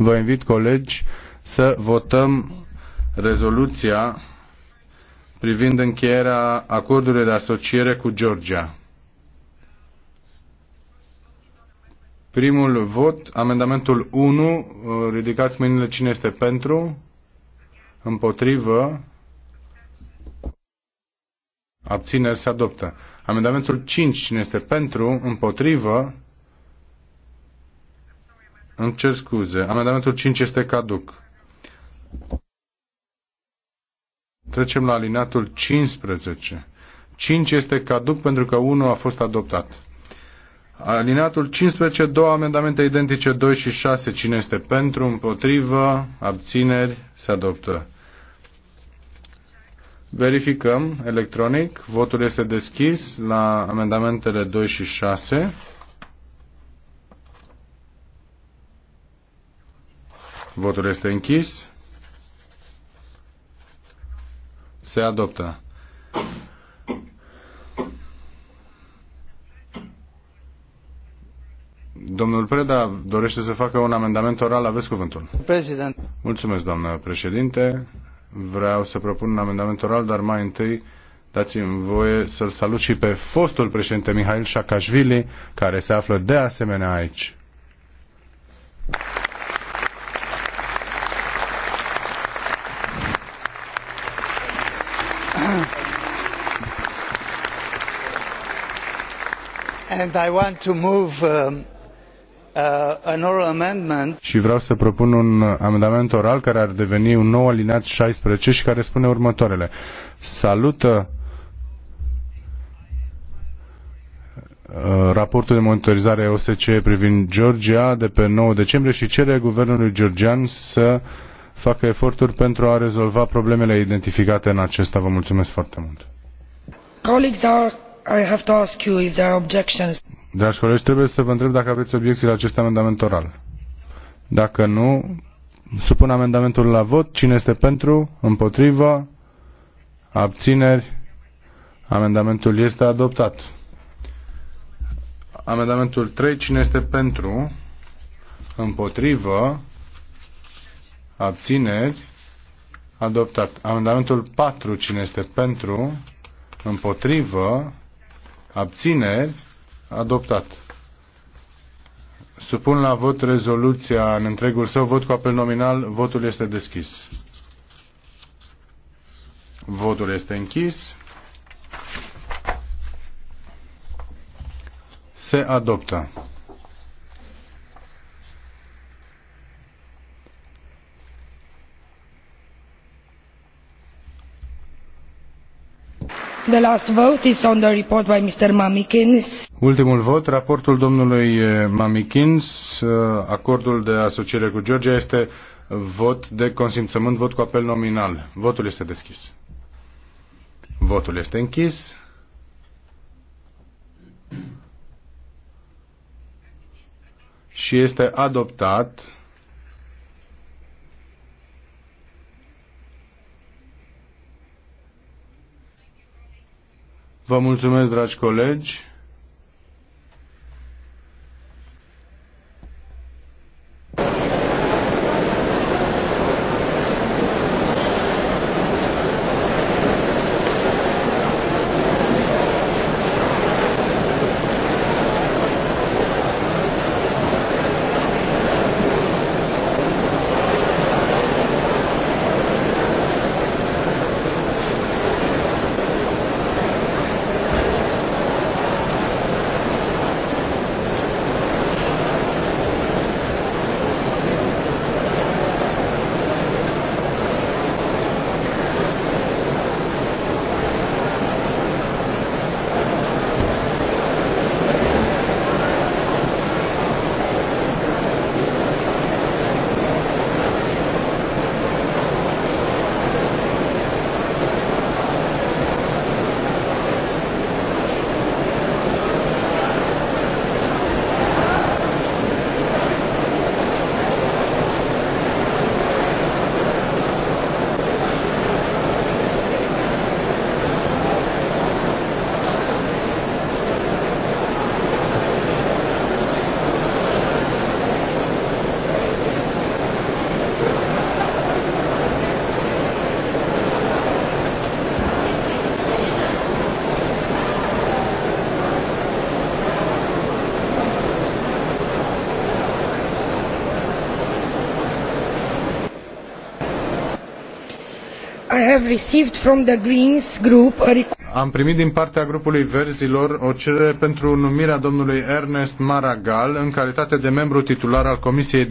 Vă invit, colegi, să votăm rezoluția privind încheierea acordului de asociere cu Georgia. Primul vot, amendamentul 1, uh, ridicați mâinile cine este pentru, împotrivă, abțineri se adoptă. Amendamentul 5, cine este pentru, împotrivă, îmi cer scuze. Amendamentul 5 este caduc. Trecem la alineatul 15. 5 este caduc pentru că 1 a fost adoptat. Alineatul 15, două amendamente identice, 2 și 6. Cine este pentru, împotrivă, abțineri, se adoptă. Verificăm electronic. Votul este deschis la amendamentele 2 și 6. Votul este închis. Se adoptă. Domnul Preda dorește să facă un amendament oral. Aveți cuvântul. President. Mulțumesc, doamnă președinte. Vreau să propun un amendament oral, dar mai întâi dați-mi voie să-l salut și pe fostul președinte Mihail Șacașvili, care se află de asemenea aici. I want to move, um, uh, și vreau să propun un amendament oral care ar deveni un nou alineat 16 și care spune următoarele. Salută uh, raportul de monitorizare OSCE privind Georgia de pe 9 decembrie și cere guvernului georgian să facă eforturi pentru a rezolva problemele identificate în acesta. Vă mulțumesc foarte mult. Colleagues are I have to ask you if there are objections. Dragi colegi, trebuie să vă întreb dacă aveți obiecții la acest amendament oral. Dacă nu, supun amendamentul la vot. Cine este pentru? Împotrivă? Abțineri? Amendamentul este adoptat. Amendamentul 3. Cine este pentru? Împotrivă? Abțineri? Adoptat. Amendamentul 4. Cine este pentru? Împotrivă? abțineri, adoptat. Supun la vot rezoluția în întregul său, vot cu apel nominal, votul este deschis. Votul este închis. Se adoptă. The last vote is on the report by Mr. Mamikins. Ultimul vot, raportul domnului eh, Mamikins, eh, acordul de asociere cu Georgia este vot de consimțământ, vot cu apel nominal. Votul este deschis. Votul este închis. Și este adoptat Vă mulțumesc, dragi colegi. Am primit din partea grupului Verzilor o cerere pentru numirea domnului Ernest Maragall în calitate de membru titular al Comisiei